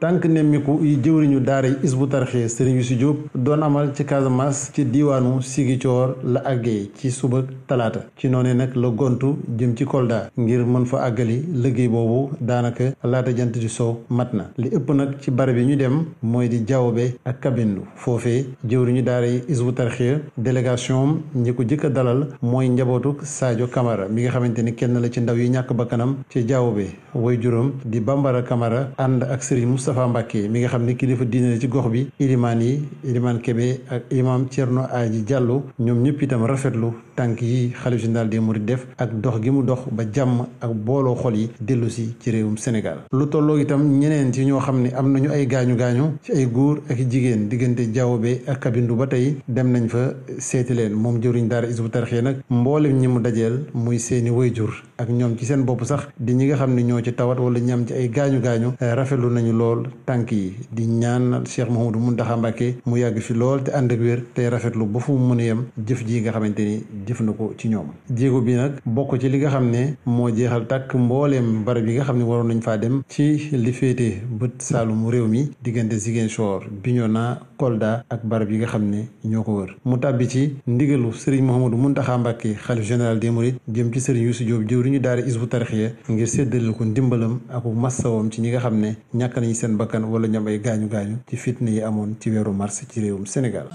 tànk nemmiku yi jëwriñu daara isbu tarxee sëriñ Youssou Diop doon amal ci Casamance ci diiwaanu Sigicoor la àggee ci suba talaata ci noonu nag la gontu jëm ci Kolda ngir mën fa àggali liggéey boobu daanaka laata jant di soow mat na li ëpp nag ci barab yi ñu dem mooy di jawbe ak kabindu foofe jëwriñu daara isbu tarxee délégation ñi ko jëkk dalal mooy njabootu Sadio kamara bi nga xamante ni kenn la ci ndaw yi ñàkk kanam ci jawbe way juróom di Bambara Camara ànd ak Moustapha Mbacke mi nga xam ne kilifa diine la ci gox bi ilimaan yi ilimaan Kébé ak imaam Thierno Aji Diallo ñoom ñëpp itam rafetlu tànk yi xalif général des mourides def ak dox gi mu dox ba jàmm ak booloo xol yi dellu si ci réewum Sénégal lu tolloo itam ñeneen ci ñoo xam ne am nañu ay gaañu gaañu ci ay góor ak jigéen diggante Diaobé ak Kabindu ba tey dem nañ fa seeti leen moom jëriñ daara Hizbut Tarqiyyah nag mbooleem ñi mu dajeel muy seeni wayjur ak ñoom ci seen bopp sax di ñi nga xam ne ñoo ci tawat wala ñaam ci ay gaañu gaañu rafetlu nañu lool tànk yi di ñaanal Cheikh Mouhamadou Mountakha Mbacké mu yàgg fi lool te ànd ak wér tey rafetlu ba fu mu mën a yem jëf ji nga xamante ni jëf na ko ci ñoom jéego bi nag bokk ci li nga xam ne moo jeexal takk mbooleem barab yi nga xam ne waroon nañu faa dem ci li féete bët saalumu réew mi diggante soor Ziguinchor Bignona Kolda ak barab yi nga xam ne ñoo ko wër mu tàbbi ci ndigalu sëriñ Mouhamadou Mountakha Mbacké xalif général des mourides jëm ci sëriñ Youssou Diop jëwriñu daara isbu tarxiya ngir séddale ko ndimbalam ak massawam ci ñi nga xam ne ñàkk nañu seen bakkan wala ñam ay gaañu gaañu ci fitna yi amoon ci weeru mars ci réewum Sénégal